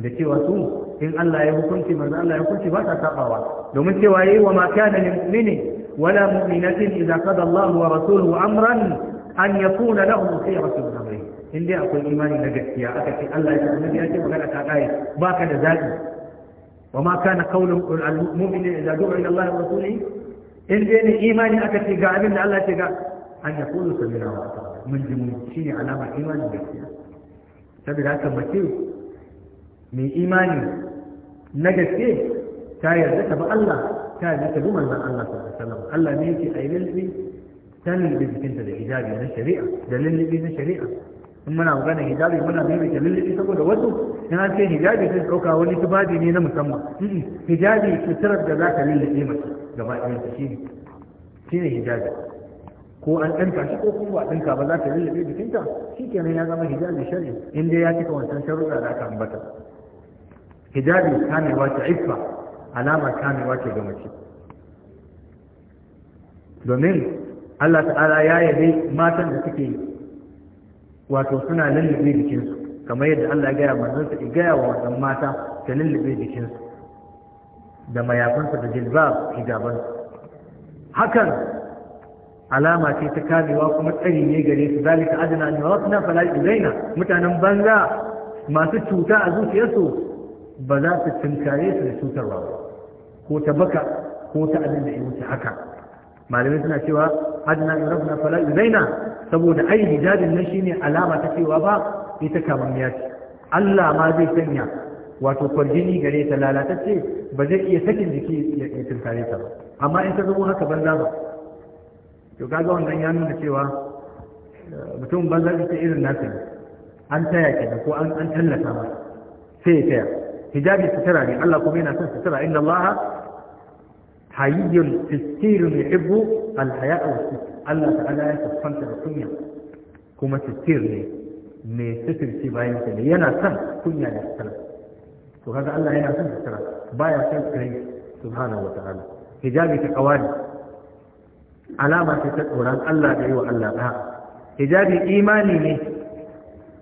da cewa su in Allah ya hukunci manzon Allah ya hukunci ba ta sabawa domin cewa yayi wa ma kana lil mu'mini wala mu'minatin idza qada Allah wa rasuluhu amran an yakuna lahum khiyaratu min amrihi in dai akwai imani na gaskiya aka ce Allah ya ce annabi ya ce da zabi وما كان قول المؤمن إذا دعوا إلى الله ورسوله in dai ne imani aka ce ga abin da Allah ce ga an ya kulu samira wa mun ji mun ne alama imani gaskiya saboda haka mace mai imani na gaske ta yarda ta bi Allah ta yarda ta bi manzon Allah sallallahu alaihi wasallam Allah ne yake ayyalli ta lullubi jikinta da hijabi na shari'a da lillibi na shari'a in muna magana hijabi muna da lillibi saboda wasu in an ce hijabi sai ɗauka wani tubabi ne na musamman hijabi tarar da za ka lullube mace gaba ɗaya su shi shi ne hijabi ko an ɗanka shi ko kuma ɗin ɗanka ba za ta lullube jikinta shi kenan ya zama hijabi shari in dai ya cika wancan sharuɗa da aka ambata hijabi kamewa ce iffa alama kamewa ce ga mace domin Allah ta'ala ya yabe matan da suke wato suna lullube jikinsu kamar yadda Allah ya gaya manzon sa gaya wa wannan mata ta lullube jikinsu da mayafansa da jilbab hijaban hakan alama ce ta kamewa kuma tsari ne gare su zalika adana wasu na fala ilaina mutanen banza masu cuta a zuciyarsu ba za su tunkare su da cutarwa ba ko ta baka ko ta abin da ya haka malamai suna cewa adana wasu na fala ilaina saboda ai hijabin nan shine alama ta cewa ba ita kamar ya ce Allah ma zai sanya wato kwarjini gare ta lalatacce ba zai iya sakin jiki ya tunkare ta ba amma in ta zama haka banza ba to kaga wannan ya nuna cewa eh, mutum banza ita irin nasa an taya ki da ko an an tallata ma sai ya taya hijabi sutura ne Allah kuma yana son sutura inna Allah hayyul tistirun yuhibbu al-haya'a wa Allah ta'ala ya sassanta da kunya kuma tistir ne mai suturci bayan ta ne yana son kunya da sutura to kaga Allah yana son sutura baya son tsirai subhanahu wataala hijabi ta kawani alama ce ta tsoron Allah da yiwa wa Allah ɗa hijabi imani ne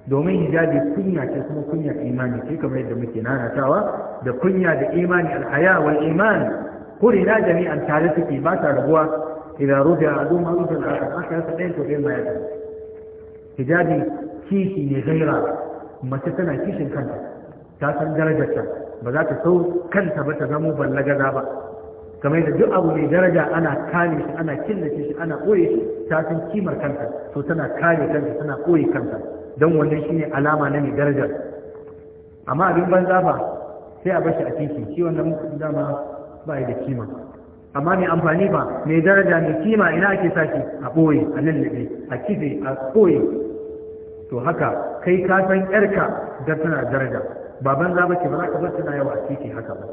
domin hijabi kunya ce kuma kunya imani ce kamar yadda muke nanatawa da kunya da imani alhaya wal imani kurina jami'an tare suke ba ta rabuwa idan rufe a zuwa rufe da aka aka yasa ɗaya to ɗaya ma ya hijabi kishi ne gaira mace tana kishin kanta ta san darajarta ba za ta sau kanta ba ta zamo ballagaza ba kamar yadda duk abu mai daraja ana kare shi ana killace shi ana koye shi ta san kimar kanta to tana kare kanta tana koye kanta don wannan shine alama na mai darajar amma abin banza ba sai a bashi a titi shi wannan dama ba da kima amma mai amfani ba mai daraja mai kima ina ake sa shi? a ɓoye a lallabe a kife a ɓoye to haka kai ka san yarka da tana daraja Baban za ba ce ba za ka bar tana yawa a titi haka ba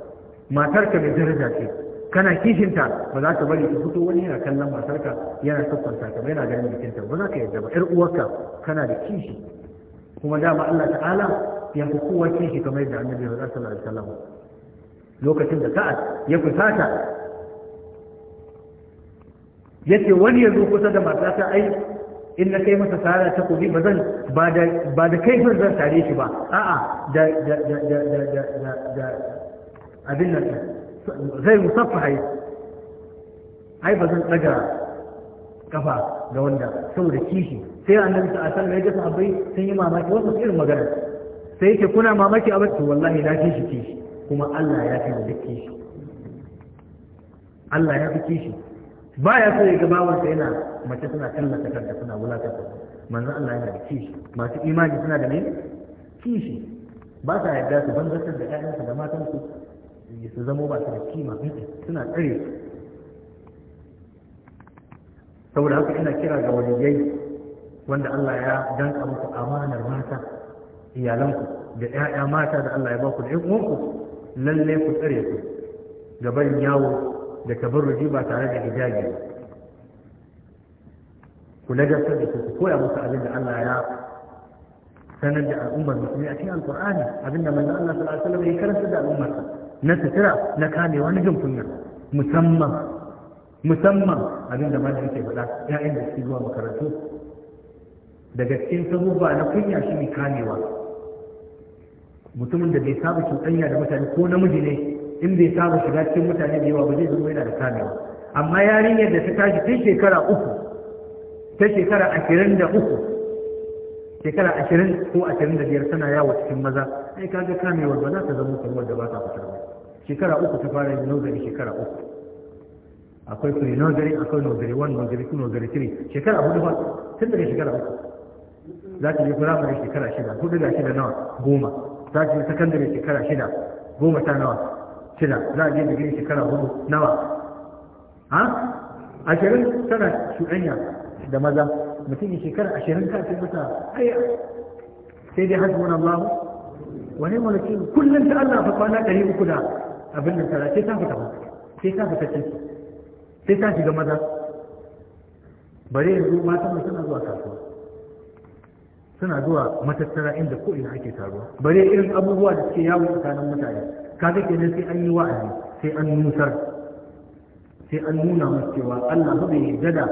matarka mai daraja ce kana kishinta ba za ka bari ka fito wani yana kallon matarka yana sassanta ta ba yana ganin jikinta ba za ka yadda ba yar uwarka kana da kishi kuma dama Allah ta'ala ya fi kowa kishi kamar yadda annabi sallallahu alaihi wasallam lokacin da sa'ad ya fusata yace wani ya zo kusa da ta ai in na kai masa tsara ta kogi ba zan ba da kaifin zan tare shi ba a'a da da da da da da da abin nan zai musaffa hai ai ba zan daga kafa ga wanda saboda kishi sai annabi ta asal mai ga sahabbai sun yi mamaki wasu irin magana sai yake kuna mamaki abin to wallahi na kishi kishi kuma Allah ya fi da kishi Allah ya fi kishi Ba ya so ya ga bawansa yana mace suna tallata kanta suna wulakanta manzo Allah yana da kishi masu imani suna da mai kishi ba sa yarda su banzatar da ƴaƴansu da matansu su zamo ba su da kima suna tsare saboda haka ina kira ga waliyai wanda Allah ya danka muku amanar mata iyalanku da ƴaƴa mata da Allah ya ba ku da ƴan uwanku lalle ku tsare su gaban yawo da tabarruji ba tare da hijabi ba ku nagartar da ku koya musu abin da Allah ya sanar da al'ummar musulmi a cikin alkur'ani abin da manzo Allah sallallahu alaihi wasallam ya karanta da al'ummar na sutura na kame wani jin kunya musamman musamman abin da malamin ke faɗa ƴaƴan da suke zuwa makarantu daga cikin sabubba na kunya shi ne kamewa mutumin da bai saba cuɗanya da mutane ko namiji ne in bai samu shiga cikin mutane da yawa ba zai zama yana da kamewa amma yarinyar da ta tashi tun shekara uku ta shekara ashirin da uku shekara ashirin ko ashirin da biyar tana yawo cikin maza ai kaga kamewa ba za ta zama kamar da ba ta fitar ba shekara uku ta fara yin nozari shekara uku akwai kuri nozari akwai nozari wani nozari kuma nozari kiri shekara hudu ba tun daga shekara uku za ta je firamare shekara shida hudu ga shida nawa goma za ta yi sakandare shekara shida goma ta nawa shida za a je da digiri shekara hudu nawa ha ashirin tana shuɗanya da maza mutum ya shekara ashirin ka ce mata ai sai dai wani allahu wani mulki kullum ta Allah fa kwana ɗari uku da abin da tara sai ta fita ba sai ta fita ce sai ta shiga maza bare yanzu matan suna zuwa kasuwa suna zuwa matattara inda ko'ina ake taruwa bare irin abubuwa da suke yawon tsakanin mutane kaga kenan sai an yi wa'azi sai an nusar sai an nuna musu cewa Allah ba bai yarda da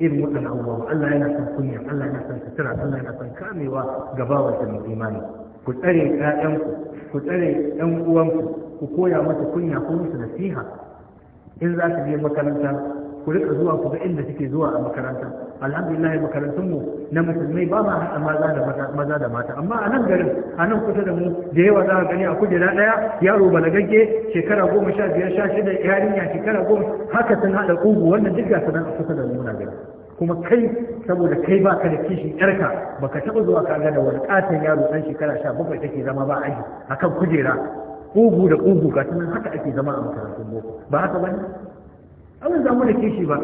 irin waɗannan abubuwa Allah yana son kunya Allah yana son sutura Allah yana son kamewa ga bawansa mai imani ku tsare ƴaƴanku ku tsare ƴan uwanku ku koya masa kunya ko musu nasiha in za su je makaranta ku rika zuwa ku ga inda take zuwa a makaranta alhamdulillah makarantun mu na musulmai ba ma haɗa maza da mata maza da mata amma a nan garin a nan kusa da mu da yawa za ka gani a kujera ɗaya yaro balagagge shekara goma sha biyar sha shida yarinya shekara goma haka sun haɗa ƙugu wannan duk gasa nan a kusa da mu na gari kuma kai saboda kai ba ka da kishin yarka baka taɓa zuwa ka ga da wani ƙaton yaro ɗan shekara sha bakwai take zama ba aji akan kujera ƙugu da ƙugu ga haka ake zama a makarantun boko ba haka ba ne an zamu da kishi ba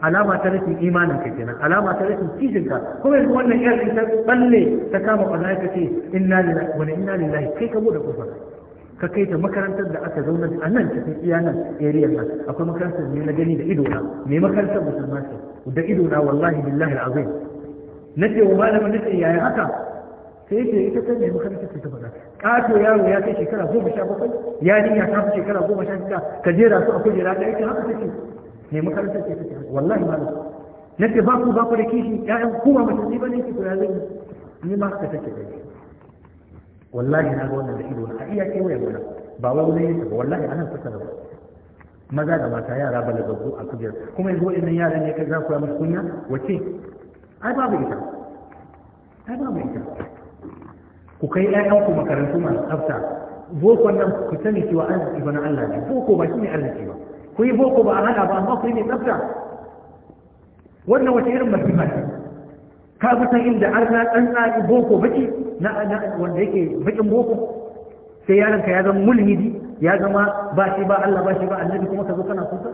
alama ta rashin imanin ka kenan alama ta rashin kishin ka kuma yanzu wannan yar ta balle ta kama kwana ka ce inna lillahi wa inna lillahi kai ka bude kofar ka kai ta makarantar da aka zauna a nan cikin iya nan area nan akwai makarantar ne na gani da ido na me makarantar musulma ce da ido na wallahi billahi alazim nace wa malamin nace yaya haka sai yake ita ta ne makarantar ta tabbata kato yaro ya kai shekara goma sha bakwai yarinya ta fi shekara goma sha shida ka jera su a kujera da yake haka take ne makarantar ce take wallahi malam na ce ba ku ba ku da kishi ƴaƴan kuma mutum ba ne ki to ya zai ni ma ka take kai wallahi na ga wannan da ido na, a iya kewaye gona ba wai wani yake ba wallahi anan kusa da maza da mata yara balagaggu a kujer kuma yanzu waɗannan yaran ne kai za ku yi musu kunya wace ai babu ita ai babu ita ku kai ƴaƴan ku makarantu masu tsafta boko nan ku sani cewa arziki ba na Allah ne boko ba shi ne arziki ba ku yi boko ba a hada ba amma ku yi mai tsafta wannan wata irin masifa ce ka fi san inda an na ɗan tsari boko baki na wanda yake bakin boko sai yaronka ya zama mulhidi ya zama ba shi ba Allah ba shi ba annabi kuma ka zo kana kusa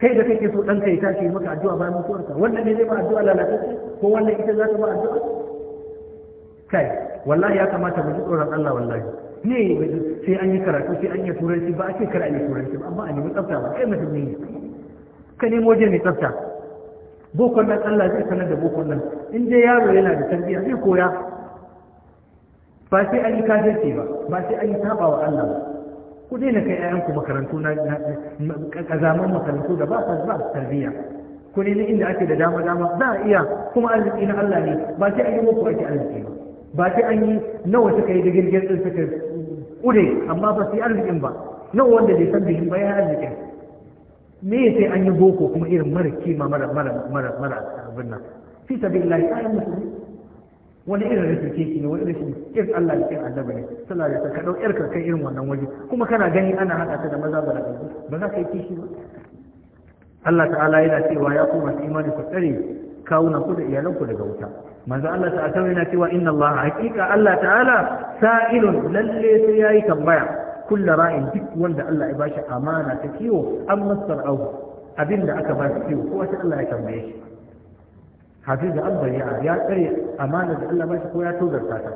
kai da kake so ɗanka ya tashi maka addu'a bayan mutuwarka wannan ne zai ma addu'a lalatacce ko wannan ita za ta ma addu'a kai wallahi ya kamata mu ji tsoron Allah wallahi ne sai an yi karatu sai an yi turanci ba a ce kar a yi turanci ba amma a nemi tsafta ba kai mutum ne ka nemo waje mai tsafta bokon nan Allah zai sanar da bokon nan in dai yaro yana da tarbiyya zai koya ba sai an yi kafirce ba ba sai an yi saba wa Allah ba ku dai na kai ƴaƴanku makarantu na kazaman makarantu da ba sa ba tarbiyya ku ne inda ake da dama dama za a iya kuma arziki na Allah ne ba sai an yi muku ake arziki ba ba sai an yi nawa suka yi da girgin din suka ƙure amma ba su yi arzikin ba nan wanda zai san bihin ba ya arzikin me sai an yi boko kuma irin mara kima mara mara mara mara abin nan fi sabilillahi ayan musulmi wani irin rashin keke ne wani rashin kin Allah da kin annabi ne sallallahu alaihi wasallam ka dau yarka kai irin wannan waje kuma kana gani ana hada ta da maza ba da ba za ka yi kishi ba Allah ta'ala yana cewa ya kuma imani ku tsare kawunan ku da iyalan ku daga wuta manzo Allah ta ta yana cewa inna Allah hakika Allah ta'ala sa'ilun lalle sai yayi tambaya kullu ra'in duk wanda Allah ya bashi amana ta kiwo an masar au abinda aka bashi kiwo ko sai Allah ya tambaye shi hafiz da ya tsare amana da Allah bashi ko ya tozarta ta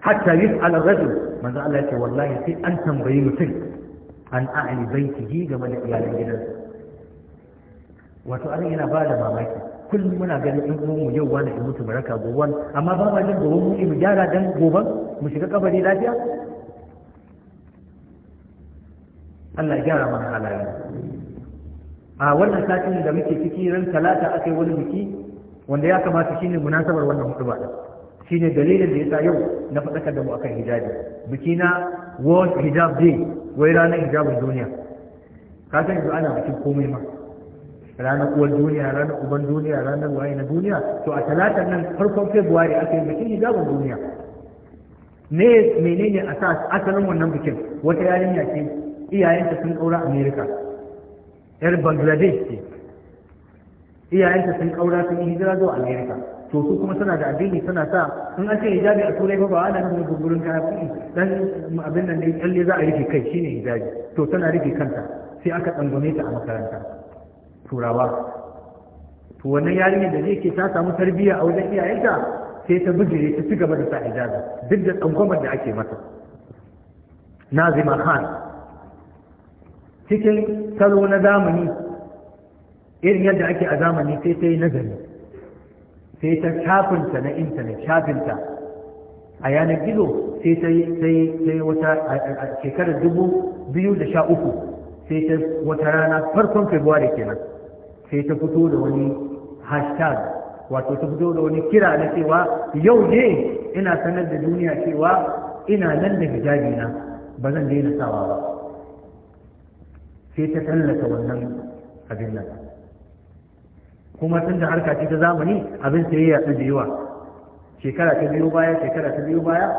hatta yus'al rajul manzo Allah ya ce wallahi sai an tambayi mutum an a'ani baitihi game da iyalan gidansa wato an yana ba da mamaki kullum muna ganin in uwan mu yau wani mutu mutu raka gowan amma ba ma jin gobe mu mu gyara dan goban mu shiga kabari lafiya Allah ya gyara mana halayen a wannan satin da muke ciki ran talata aka yi wani biki wanda ya kamata shine munasabar wannan hutuba shine dalilin da yasa yau na faɗakar da mu akan hijabi biki na world hijab day wai ranar hijabin duniya ka san yanzu ana bikin komai ma ranar uwar duniya ranar uban duniya ranar waye na duniya to a talatar nan farkon february aka yi bikin hijabin duniya ne menene a sa asalin wannan bikin wata yarinya ce iyayenta sun kaura america yar bangladesh ce iyayenta sun kaura sun yi hijira zuwa america to su kuma suna da addini suna sa in an ce hijabi a turai ba ba ana nufin gurgurin kaya kuɗi dan abin nan ne kyalle za a rufe kai shine hijabi to tana rufe kanta sai aka tsangwame ta a makaranta turawa to wannan yarinyar da zai ke ta samu tarbiyya a wajen iyayenta sai ta bijire ta ci gaba da sa hijabi duk da tsangwamar da ake mata nazima khan cikin salo na zamani irin yadda ake a zamani sai ta yi nazari sai ta shafinta na intanet shafinta a yanar gizo sai ta yi wata a shekarar dubu biyu da sha uku sai ta wata rana farkon februari kenan sai ta fito da wani hashtag wato ta fito da wani kira na cewa yau ne ina sanar da duniya cewa ina nan da hijabi na ba zan daina sawa ba sai ta tallata wannan abin nan kuma tun da harka ce ta zamani abin sai ya yaɗu da yawa shekara ta biyu baya shekara ta biyu baya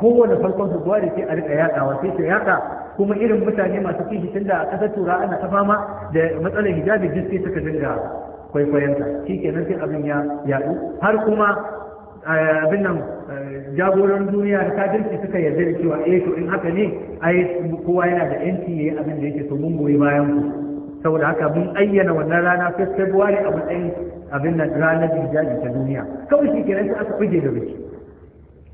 kowane farkon da sai a rika yaɗawa sai ta yaka. kuma irin mutane masu kin shi da a ƙasar tura ana ta fama da matsalar hijabi duk sai suka dinga kwaikwayonta shi kenan sai abin ya yaɗu har kuma eh, abin nan eh, jagoran duniya da kajirki suka yarda da cewa eh to in haka ne ai kowa yana da yanci yayi abin da yake so mun goyi bayan ku saboda haka mun ayyana wannan rana ta February a matsayin abin nan ranar hijabi ta duniya kawai shi kenan sai aka fige da biki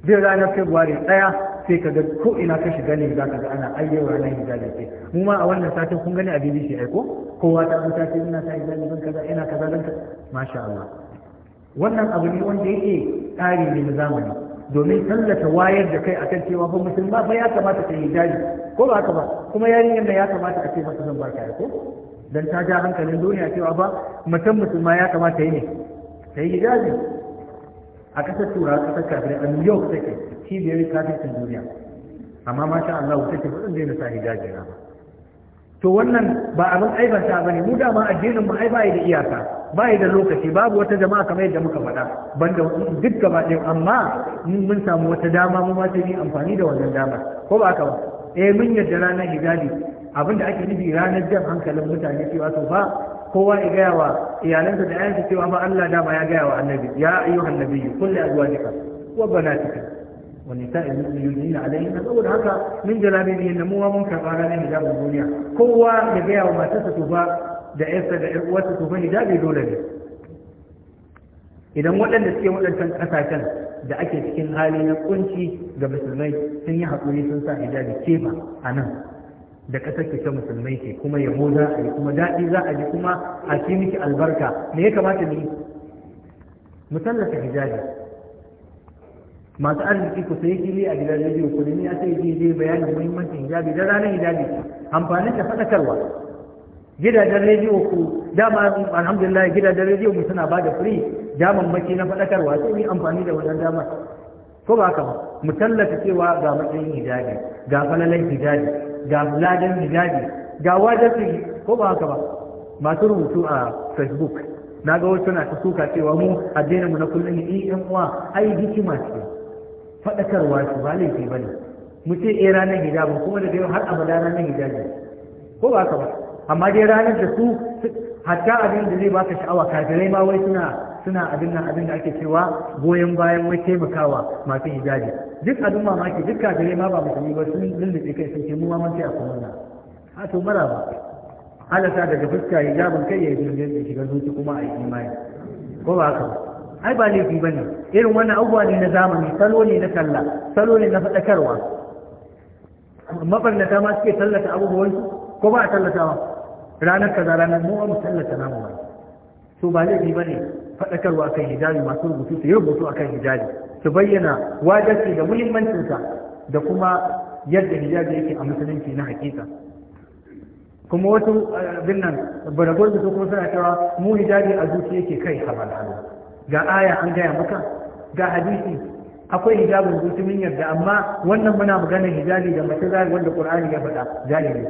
zai ranar February ɗaya sai ka ga ko ina ka shiga ne za ka ga ana ayyau ranar hijabi ce mu ma a wannan satin kun gani a bibi shi aiko kowa ta zo ce ina ta hijabi zan kaza ina kaza zan ka masha Allah wannan abu ne wanda yake tsari ne na zamani domin tallata wayar da kai akan cewa ba musulma ba ya kamata ta hijabi ko ba haka ba kuma yarinyar da ya kamata a ce masa zan barka aiko? dan ta ja hankalin duniya cewa ba mutum musulma ya kamata yi ne ta yi hijabi a ƙasar turawa ƙasar kafin a new york take cibiyar kafin duniya amma masha Allah wuce ce ba zan daina hijabi na ba to wannan ba abin aibanta ba ne mu dama addinin mu ai ba da iyaka ba da lokaci babu wata jama'a kamar yadda muka faɗa banda duk gaba ɗaya amma mun samu wata dama mu ma sai amfani da wannan dama ko ba haka ba eh mun yadda ranar hijabi abin da ake nufi ranar jan hankalin mutane cewa to fa kowa ya gaya wa iyalansa da ayansa cewa ba Allah dama ya gaya wa annabi ya ayyuhan nabiyyu kullu azwajika wa banatika ونساء na علينا saboda haka min jalabibi na muwa mun karɓa ranar hijabin duniya kowa ya gaya wa matarsa tufa da yarsa da yar uwarsa tufa hijabi dole ne idan waɗanda suke waɗancan ƙasashen da ake cikin hali na kunci ga musulmai sun yi haƙuri sun sa hijabi ke ba a nan da ƙasar ke musulmai ke kuma yabo za a yi kuma daɗi za a ji kuma a ci miki albarka me ya kamata mu yi tallata hijabi masu arziki ku sai gili a gidan rediyo ku nemi a sai je bayanin muhimmancin hijabi da ranar hijabi amfanin ta faɗakarwa gidajen rediyo ku dama alhamdulillah gidajen rediyo mu suna bada free jaman maki na faɗakarwa sai mu amfani da wannan damar ko ba haka ba mu tallata cewa ga matsayin hijabi ga falalan hijabi ga ladan hijabi ga wajibi ko ba haka ba masu rubutu a facebook na ga wasu na ta suka cewa mu addinin mu na kullum ni yan uwa ai hikima ce faɗakarwa su ba laifi ba ne mu ce eh ranar hijabi kuma da dai har abada ranar hijabi ko ba ka ba amma dai ranar da su hatta abin da zai baka sha'awa kafirai ma wai suna suna abin nan abin da ake cewa goyon bayan wai taimakawa masu hijabi duk abin mamaki duk kafirai ma ba musulmi ba sun lullube kai sun ce mu ma mun ce a kuma na a to mara ba halata daga fuska hijabin kai ya yi jirgin da shiga zuci kuma a yi imani ko ba ka ba ai ba laifi ba ne irin wannan abuwa ne na zamani salo ne na talla salo ne na faɗakarwa mabarnata ma suke tallata abubuwansu ko ba a tallatawa ranar kaza ranar mu mu tallata namu ba to ba laifi ba ne faɗakarwa akan hijabi masu rubutu su yi rubutu akan hijabi su bayyana wajarci da muhimmancinsa da kuma yadda hijabi yake a musulunci na hakika kuma wasu abin nan baragwar da su kuma suna cewa mu hijabi a zuci yake kai haɓar hannu ga aya an gaya maka ga hadisi akwai hijabin mutumin yadda, amma wannan muna magana hijabi da mace zai wanda qur'ani ya faɗa jahili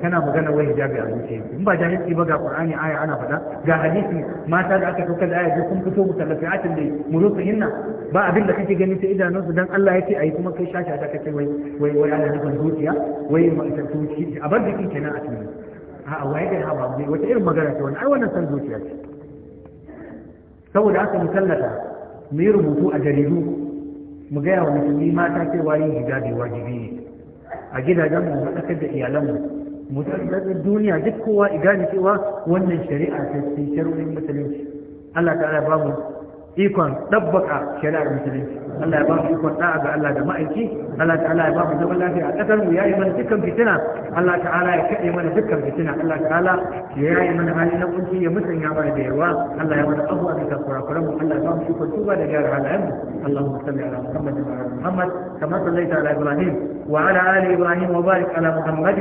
kana magana wai hijabi a zuciya. in ba jahilci ba ga qur'ani aya ana faɗa ga hadisi mata da aka saukar da aya duk kun fito atin da hinna ba abin da kake gani sai idanunsu dan Allah ya ce ayi kuma kai shasha ta kace wai wai wai ana nufin zuciya wai ma zuciya? a bar jiki kenan a cikin a'a wai ga haba wata irin magana ce wannan ai wannan san zuciya ce saboda aka mu tallata mu yi rubutu a jaridu mu gaya wa musulmi mata cewa yin hijabi wajibi ne a gidajen mu da iyalanmu mu tsaddaɗa duniya duk kowa igani cewa wannan shari'a ta ce shari'ar musulunci Allah ta ba mu ikon ɗabbaka shari'ar musulunci Allah ya ba mu ikon da'a ga Allah da ma'aiki Allah ta'ala ya ba mu zaman lafiya a kasar mu yayi mana dukkan fitina Allah ta'ala ya kade mana dukkan fitina Allah ta'ala ya yayi mana hali na kunci ya musanya mana da yarwa Allah ya mana abuwa da kafara mu Allah ya ba mu ikon tuba da gyara halayen mu Allahumma salli ala Muhammad wa ala Muhammad kama sallaita ala Ibrahim wa ala ali Ibrahim wa barik ala Muhammad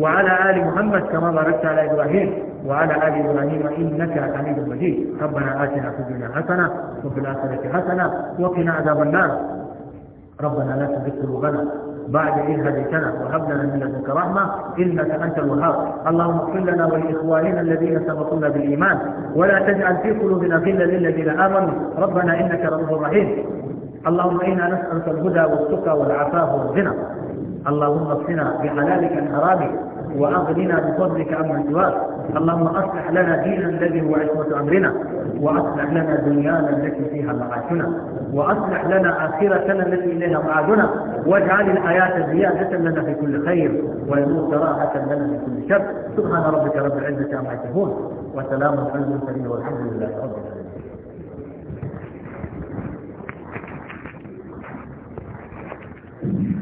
وعلى آل محمد كما باركت على إبراهيم وعلى آل إبراهيم إنك حميد مجيد ربنا آتنا في الدنيا حسنة وفي الآخرة حسنة وقنا عذاب النار الناس ربنا لا تزغ قلوبنا بعد إذ هديتنا وهب لنا من لدنك رحمة إنك أنت الوهاب اللهم اغفر لنا ولإخواننا الذين سبقونا بالإيمان ولا تجعل في قلوبنا غلا للذين آمنوا ربنا إنك رؤوف رحيم اللهم إنا نسألك الهدى والتقى والعفاف والغنى اللهم اغفنا بحلالك الحرام حرامك وأغننا بفضلك عما سواك اللهم أصلح لنا ديننا الذي هو عصمة أمرنا وأصلح لنا دنيانا التي فيها معاشنا وأصلح لنا آخرتنا التي إليها معادنا واجعل الحياة زيادة لنا في كل خير ويموت راحة لنا في كل شر سبحان ربك رب العزة عما يصفون وسلام على المرسلين والحمد لله رب العالمين Thank you.